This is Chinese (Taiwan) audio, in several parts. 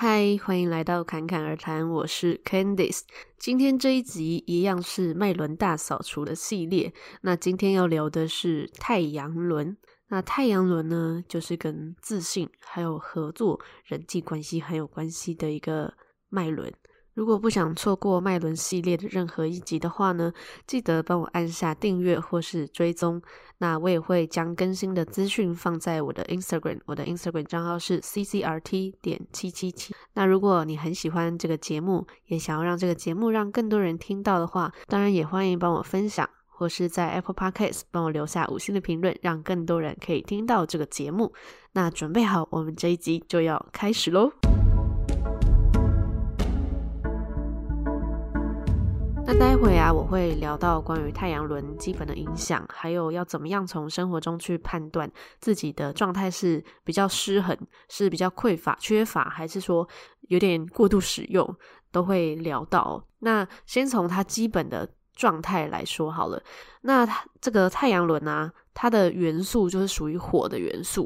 嗨，Hi, 歡迎來到侃侃而談，我是 Candice。今天這一集一樣是脈輪大掃除的系列。那今天要聊的是太陽輪。那太陽輪呢，就是跟自信還有合作、人際關係很有關係的一個脈輪。如果不想錯過脈輪系列的任何一集的話呢，記得幫我按下訂閱或是追蹤。那我也會將更新的資訊放在我的 Instagram，我的 Instagram 賬號是 ccrt 點七七七。那如果你很喜歡這個節目，也想要讓這個節目讓更多人聽到的話，當然也歡迎幫我分享，或是在 Apple Podcast 幫我留下五星的評論，讓更多人可以聽到這個節目。那準備好，我們這一集就要開始嘍！那待會啊，我會聊到關於太陽輪基本的影響，還有要怎麼樣從生活中去判斷自己的狀態是比較失衡，是比較匱乏、缺乏，還是說有點過度使用，都會聊到。那先從它基本的狀態來說好了。那它這個太陽輪啊，它的元素就是屬於火的元素，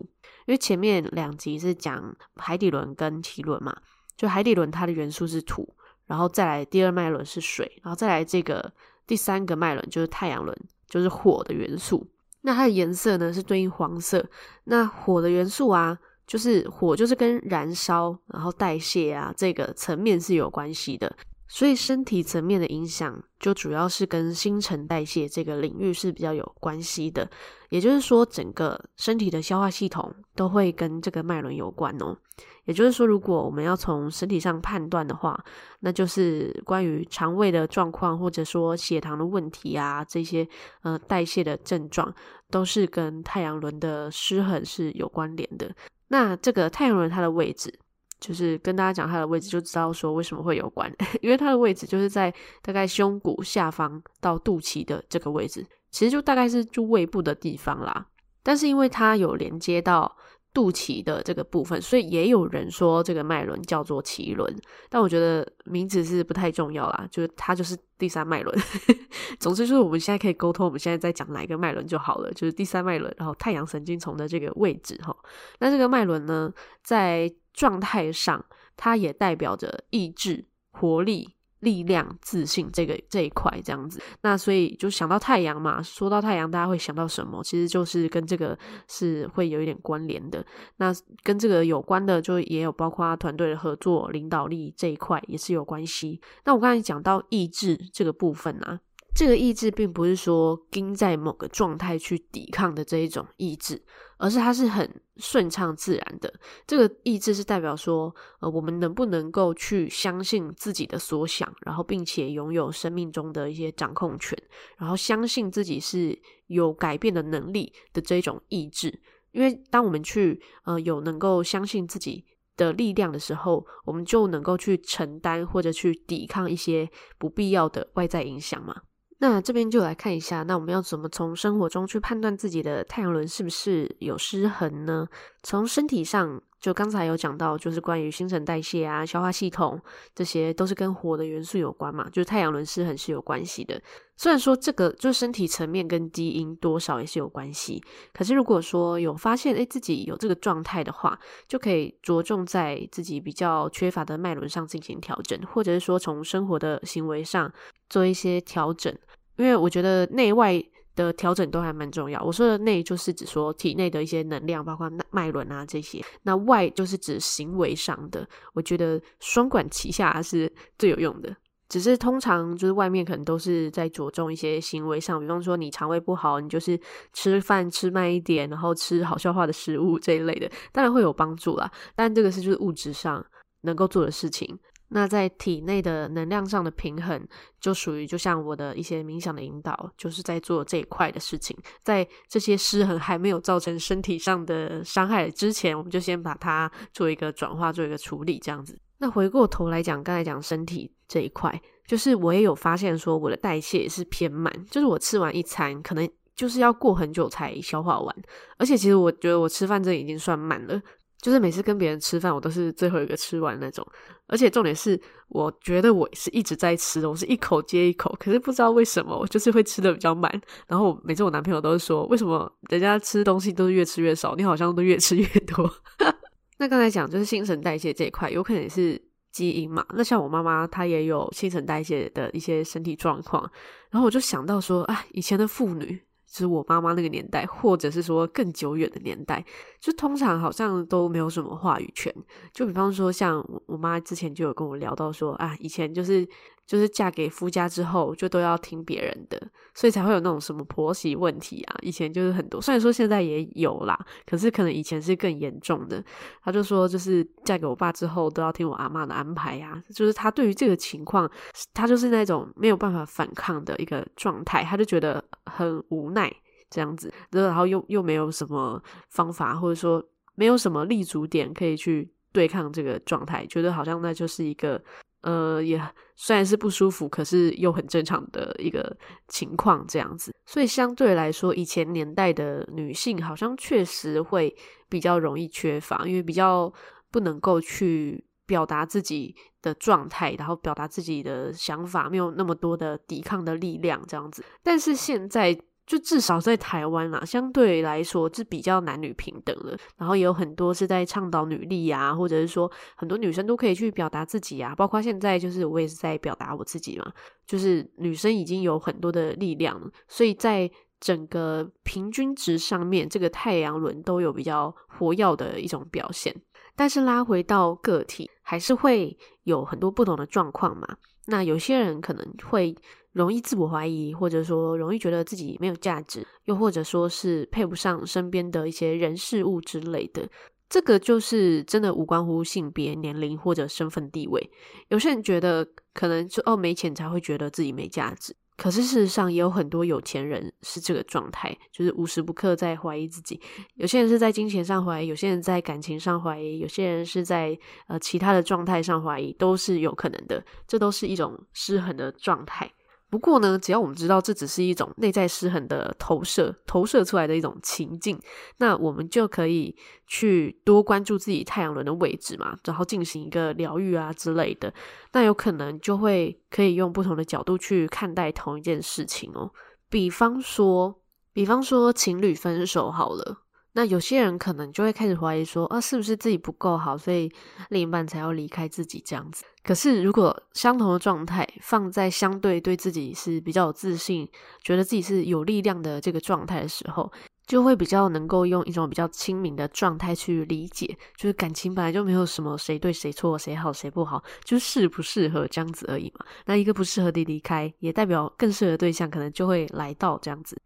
因為前面兩集是講海底輪跟臍輪嘛，就海底輪它的元素是土。然後再來第二脈輪是水，然後再來這個第三個脈輪就是太陽輪，就是火的元素。那它的顏色呢，是對應黃色。那火的元素啊，就是火，就是跟燃燒，然後代謝啊，這個層面是有關係的。所以身體層面的影響，就主要是跟新陳代謝這個領域是比較有關係的。也就是說，整個身體的消化系統都會跟這個脈輪有關哦。也就是說，如果我們要從身體上判斷的話，那就是關於腸胃的狀況，或者說血糖的問題啊，這些呃代謝的症狀，都是跟太陽輪的失衡是有關聯的。那這個太陽輪它的位置。就是跟大家講它的位置，就知道說為什麼會有關，因為它的位置就是在大概胸骨下方到肚臍的這個位置，其實就大概是就胃部的地方啦。但是因為它有連接到肚臍的這個部分，所以也有人說這個脈輪叫做臍輪。但我覺得名字是不太重要啦，就是它就是第三脈輪。總之就是我們現在可以溝通，我們現在在講哪一個脈輪就好了，就是第三脈輪，然後太陽神經叢的這個位置齁。那這個脈輪呢，在狀態上，它也代表着意志、活力、力量、自信，這個這一塊這樣子。那所以就想到太陽嘛，說到太陽，大家會想到什麼？其實就是跟這個是會有一點關聯的。那跟這個有關的，就也有包括團隊的合作、領導力這一塊也是有關係。那我剛才講到意志這個部分啊。這個意志並不是說盯在某個狀態去抵抗的這一種意志，而是它是很順暢自然的。這個意志是代表說，呃，我們能不能夠去相信自己的所想，然後並且擁有生命中的一些掌控權，然後相信自己是有改變的能力的這一種意志。因為當我們去，呃，有能夠相信自己的力量的時候，我們就能夠去承擔或者去抵抗一些不必要的外在影響嘛。那這邊就來看一下，那我們要怎麼從生活中去判斷自己的太陽輪是不是有失衡呢？從身體上。就剛才有講到，就是關於新陳代謝啊、消化系統，這些都是跟火的元素有關嘛，就是太陽輪失衡是有關係的。雖然說這個就是身體層面跟基因多少也是有關係，可是如果說有發現誒、哎、自己有這個狀態的話，就可以着重在自己比較缺乏的脈輪上進行調整，或者是說從生活的行為上做一些調整。因為我覺得內外。的調整都還蠻重要。我說的內就是指說體內的一些能量，包括脈輪啊這些；那外就是指行為上的。我覺得雙管齊下是最有用的。只是通常就是外面可能都是在着重一些行為上，比方說你腸胃不好，你就是吃飯吃慢一點，然後吃好消化的食物這一類的，當然會有幫助啦。但這個是就是物質上能夠做的事情。那在體內的能量上的平衡，就屬於就像我的一些冥想的引導，就是在做這一塊的事情。在這些失衡還沒有造成身體上的傷害之前，我們就先把它做一個轉化，做一個處理，這樣子。那回過頭來講，剛才講身體這一塊，就是我也有發現說，我的代謝也是偏慢，就是我吃完一餐，可能就是要過很久才消化完。而且其實我覺得我吃飯這已經算慢了，就是每次跟別人吃飯，我都是最後一個吃完那種。而且重點是，我覺得我是一直在吃的，我是一口接一口。可是不知道為什麼，我就是會吃的比較滿。然後每次我男朋友都是說，為什麼人家吃東西都是越吃越少，你好像都越吃越多。 那剛才講就是新陳代謝這一塊，有可能是基因嘛。那像我媽媽，她也有新陳代謝的一些身體狀況。然後我就想到說，啊，以前的婦女。就是我媽媽那個年代，或者是說更久遠的年代，就通常好像都沒有什麼話語權。就比方說，像我我媽之前就有跟我聊到說，啊，以前就是。就是嫁給夫家之後，就都要聽別人的，所以才會有那種什麼婆媳問題啊。以前就是很多，雖然說現在也有啦，可是可能以前是更嚴重的。他就說，就是嫁給我爸之後，都要聽我阿嬤的安排呀、啊。就是他對於這個情況，他就是那種沒有辦法反抗的一個狀態，他就覺得很無奈，這樣子，然後又又沒有什麼方法，或者說沒有什麼立足點可以去對抗這個狀態，覺得好像那就是一個。呃，也，雖然是不舒服，可是又很正常的一個情況，這樣子。所以相對來說，以前年代的女性好像確實會比較容易缺乏，因為比較不能夠去表達自己的狀態，然後表達自己的想法，沒有那麼多的抵抗的力量，這樣子。但是現在。就至少在台灣啦、啊，相對來說是比較男女平等的。然後也有很多是在倡導女力呀、啊，或者是說很多女生都可以去表達自己呀、啊。包括現在就是我也是在表達我自己嘛，就是女生已經有很多的力量了。所以在整個平均值上面，這個太陽輪都有比較活躍的一種表現。但是拉回到個體，還是會有很多不同的狀況嘛。那有些人可能會。容易自我懷疑，或者說容易覺得自己沒有價值，又或者說是配不上身邊的一些人事物之類的，這個就是真的無關乎性別、年齡或者身份地位。有些人覺得可能就哦沒錢才會覺得自己沒價值，可是事實上也有很多有錢人是這個狀態，就是無時不刻在懷疑自己。有些人是在金錢上懷疑，有些人在感情上懷疑，有些人是在呃其他的狀態上懷疑，都是有可能的。這都是一種失衡的狀態。不過呢，只要我們知道這只是一種內在失衡的投射，投射出來的一種情境，那我們就可以去多關注自己太陽輪的位置嘛，然後進行一個療癒啊之類的，那有可能就會可以用不同的角度去看待同一件事情哦。比方說，比方說情侶分手好了。那有些人可能就會開始懷疑說，啊，是不是自己不夠好，所以另一半才要離開自己這樣子？可是如果相同的狀態放在相對對自己是比較有自信，覺得自己是有力量的這個狀態的時候，就會比較能夠用一種比較清明的狀態去理解，就是感情本來就沒有什麼誰對誰錯，誰好誰不好，就是適不適合這樣子而已嘛。那一個不適合的離開，也代表更適合的對象可能就會來到這樣子。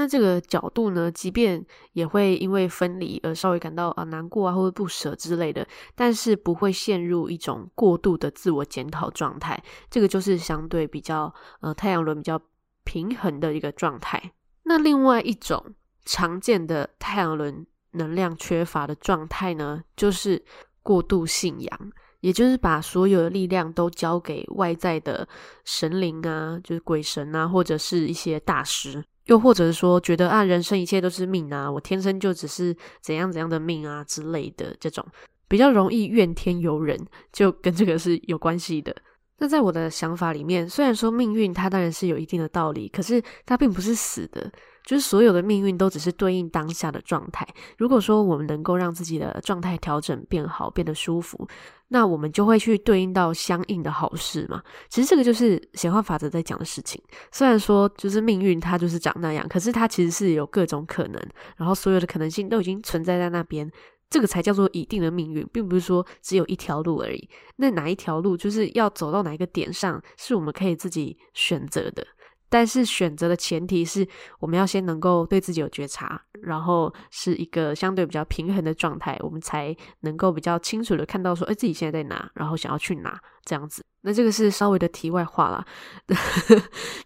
那這個角度呢，即便也會因為分離，而稍微感到啊難過啊或者不捨之類的，但是不會陷入一種過度的自我檢討狀態。這個就是相對比較呃太陽輪比較平衡的一個狀態。那另外一種常見的太陽輪能量缺乏的狀態呢，就是過度信仰，也就是把所有的力量都交給外在的神靈啊，就是鬼神啊或者是一些大師。又或者是說，覺得啊，人生一切都是命啊，我天生就只是怎樣怎樣的命啊之類的，這種比較容易怨天尤人，就跟這個是有關係的。那在我的想法裡面，雖然說命運它當然是有一定的道理，可是它並不是死的。就是所有的命運都只是對應當下的狀態。如果說我們能夠讓自己的狀態調整變好，變得舒服，那我們就會去對應到相應的好事嘛。其實這個就是顯化法則在講的事情。雖然說就是命運它就是長那樣，可是它其實是有各種可能，然後所有的可能性都已經存在在那邊，這個才叫做一定的命運，並不是說只有一條路而已。那哪一條路就是要走到哪一個點上，是我們可以自己選擇的。但是選擇的前提是我們要先能夠對自己有覺察，然後是一個相對比較平衡的狀態，我們才能夠比較清楚的看到說，哎、欸，自己現在在哪？然後想要去哪這樣子。那這個是稍微的題外話啦。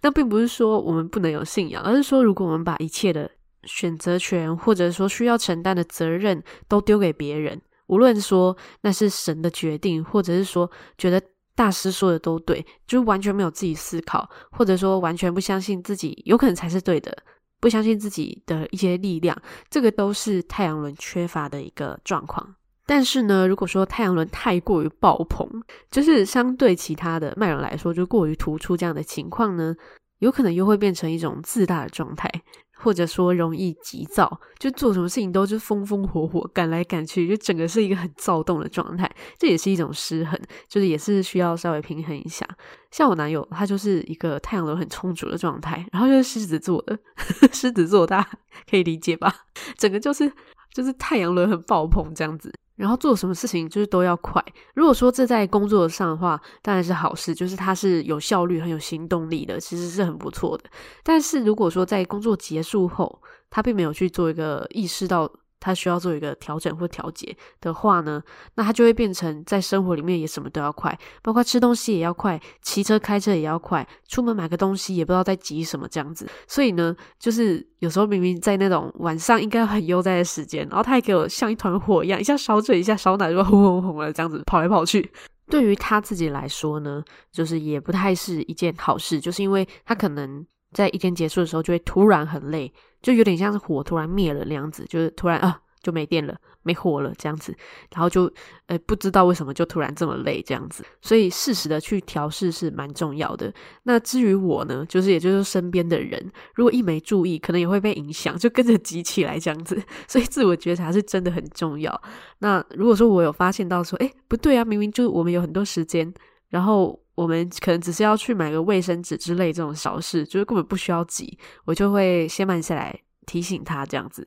那並不是說我們不能有信仰，而是說如果我們把一切的選擇權或者說需要承擔的責任都丟給別人，無論說那是神的決定，或者是說覺得。大師說的都對，就完全沒有自己思考，或者說完全不相信自己有可能才是對的，不相信自己的一些力量，這個都是太陽輪缺乏的一個狀況。但是呢，如果說太陽輪太過於爆棚，就是相對其他的脈輪來說就過於突出這樣的情況呢，有可能又會變成一種自大的狀態。或者說容易急躁，就做什麼事情都是風風火火，趕來趕去，就整個是一個很躁動的狀態，這也是一種失衡，就是也是需要稍微平衡一下。像我男友，他就是一個太陽輪很充足的狀態，然後就是獅子座的， 獅子座，大家可以理解吧？整個就是。就是太陽輪很爆棚這樣子，然後做什麼事情就是都要快。如果說這在工作上的話，當然是好事，就是他是有效率、很有行動力的，其實是很不錯的。但是如果說在工作結束後，他並沒有去做一個意識到。他需要做一個調整或調節的話呢，那他就會變成在生活裡面也什麼都要快，包括吃東西也要快，騎車、開車也要快，出門買個東西也不知道在急什麼這樣子。所以呢，就是有時候明明在那種晚上應該很悠哉的時間，然後他還給我像一團火一樣，一下燒嘴，一下燒奶，就呼呼呼呼的，這樣子跑來跑去。對於他自己來說呢，就是也不太是一件好事，就是因為他可能在一天結束的時候就會突然很累。就有點像是火突然滅了那樣子，就是突然啊就沒電了、沒火了這樣子，然後就呃、欸、不知道為什麼就突然這麼累這樣子，所以適時的去調試是蠻重要的。那至於我呢，就是也就是身邊的人，如果一沒注意，可能也會被影響，就跟着急起來這樣子。所以自我覺察是真的很重要。那如果說我有發現到說，哎、欸、不對啊，明明就我們有很多時間，然後。我們可能只是要去買個衛生紙之類這種小事，就是根本不需要急，我就會先慢下來提醒他這樣子。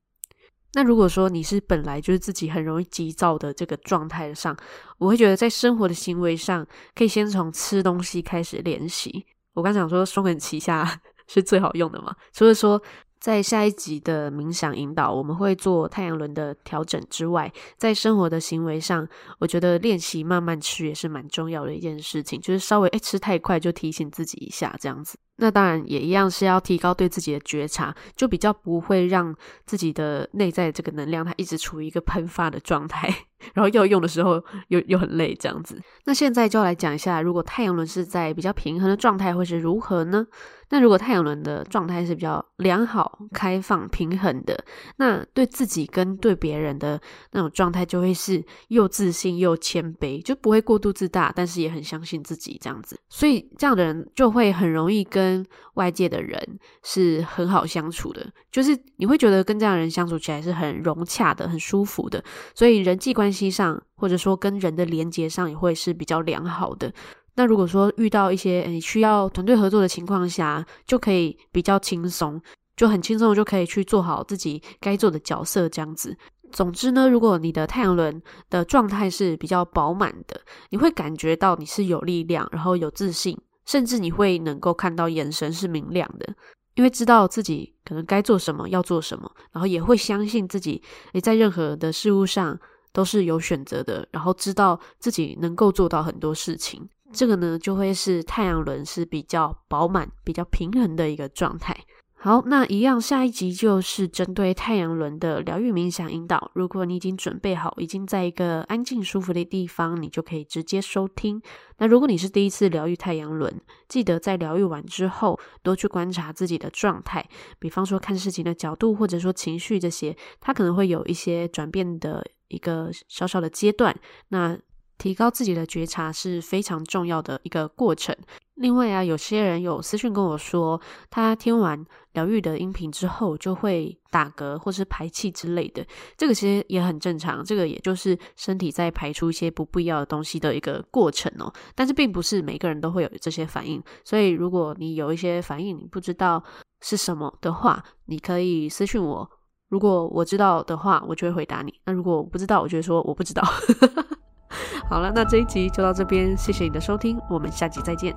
那如果說你是本來就是自己很容易急躁的這個狀態上，我會覺得在生活的行為上可以先從吃東西開始練習。我剛講說雙管齊下是最好用的嘛，所以說。在下一集的冥想引導，我們會做太陽輪的調整之外，在生活的行為上，我覺得練習慢慢吃也是蠻重要的一件事情，就是稍微誒、欸、吃太快就提醒自己一下，這樣子。那當然也一樣是要提高對自己的覺察，就比較不會讓自己的內在這個能量它一直處於一個噴發的狀態，然後要用的時候又又很累這樣子。那現在就來講一下，如果太陽輪是在比較平衡的狀態會是如何呢？那如果太陽輪的狀態是比較良好、開放、平衡的，那對自己跟對別人的那種狀態就會是又自信又謙卑，就不會過度自大，但是也很相信自己這樣子。所以這樣的人就會很容易跟。跟外界的人是很好相處的，就是你會覺得跟這樣的人相處起來是很融洽的、很舒服的，所以人際關係上，或者說跟人的連接上，也會是比較良好的。那如果說遇到一些、欸、需要團隊合作的情況下，就可以比較輕鬆，就很輕鬆的就可以去做好自己該做的角色這樣子。總之呢，如果你的太陽輪的狀態是比較飽滿的，你會感覺到你是有力量，然後有自信。甚至你會能夠看到眼神是明亮的，因為知道自己可能該做什麼，要做什麼，然後也會相信自己，誒，在任何的事物上都是有選擇的，然後知道自己能夠做到很多事情。這個呢，就會是太陽輪是比較飽滿、比較平衡的一個狀態。好，那一樣，下一集就是針對太陽輪的療癒冥想引導。如果你已經準備好，已經在一個安靜舒服的地方，你就可以直接收聽。那如果你是第一次療癒太陽輪，記得在療癒完之後多去觀察自己的狀態，比方說看事情的角度，或者說情緒這些，它可能會有一些轉變的一個小小的階段。那提高自己的覺察是非常重要的一個過程。另外啊，有些人有私訊跟我說，他聽完療癒的音頻之後就會打嗝或是排氣之類的，這個其實也很正常，這個也就是身體在排出一些不必要的東西的一個過程哦。但是並不是每個人都會有這些反應，所以如果你有一些反應，你不知道是什麼的話，你可以私訊我，如果我知道的話，我就會回答你。那如果我不知道，我就會說我不知道。 好了，那這一集就到這邊，謝謝你的收聽，我們下集再見。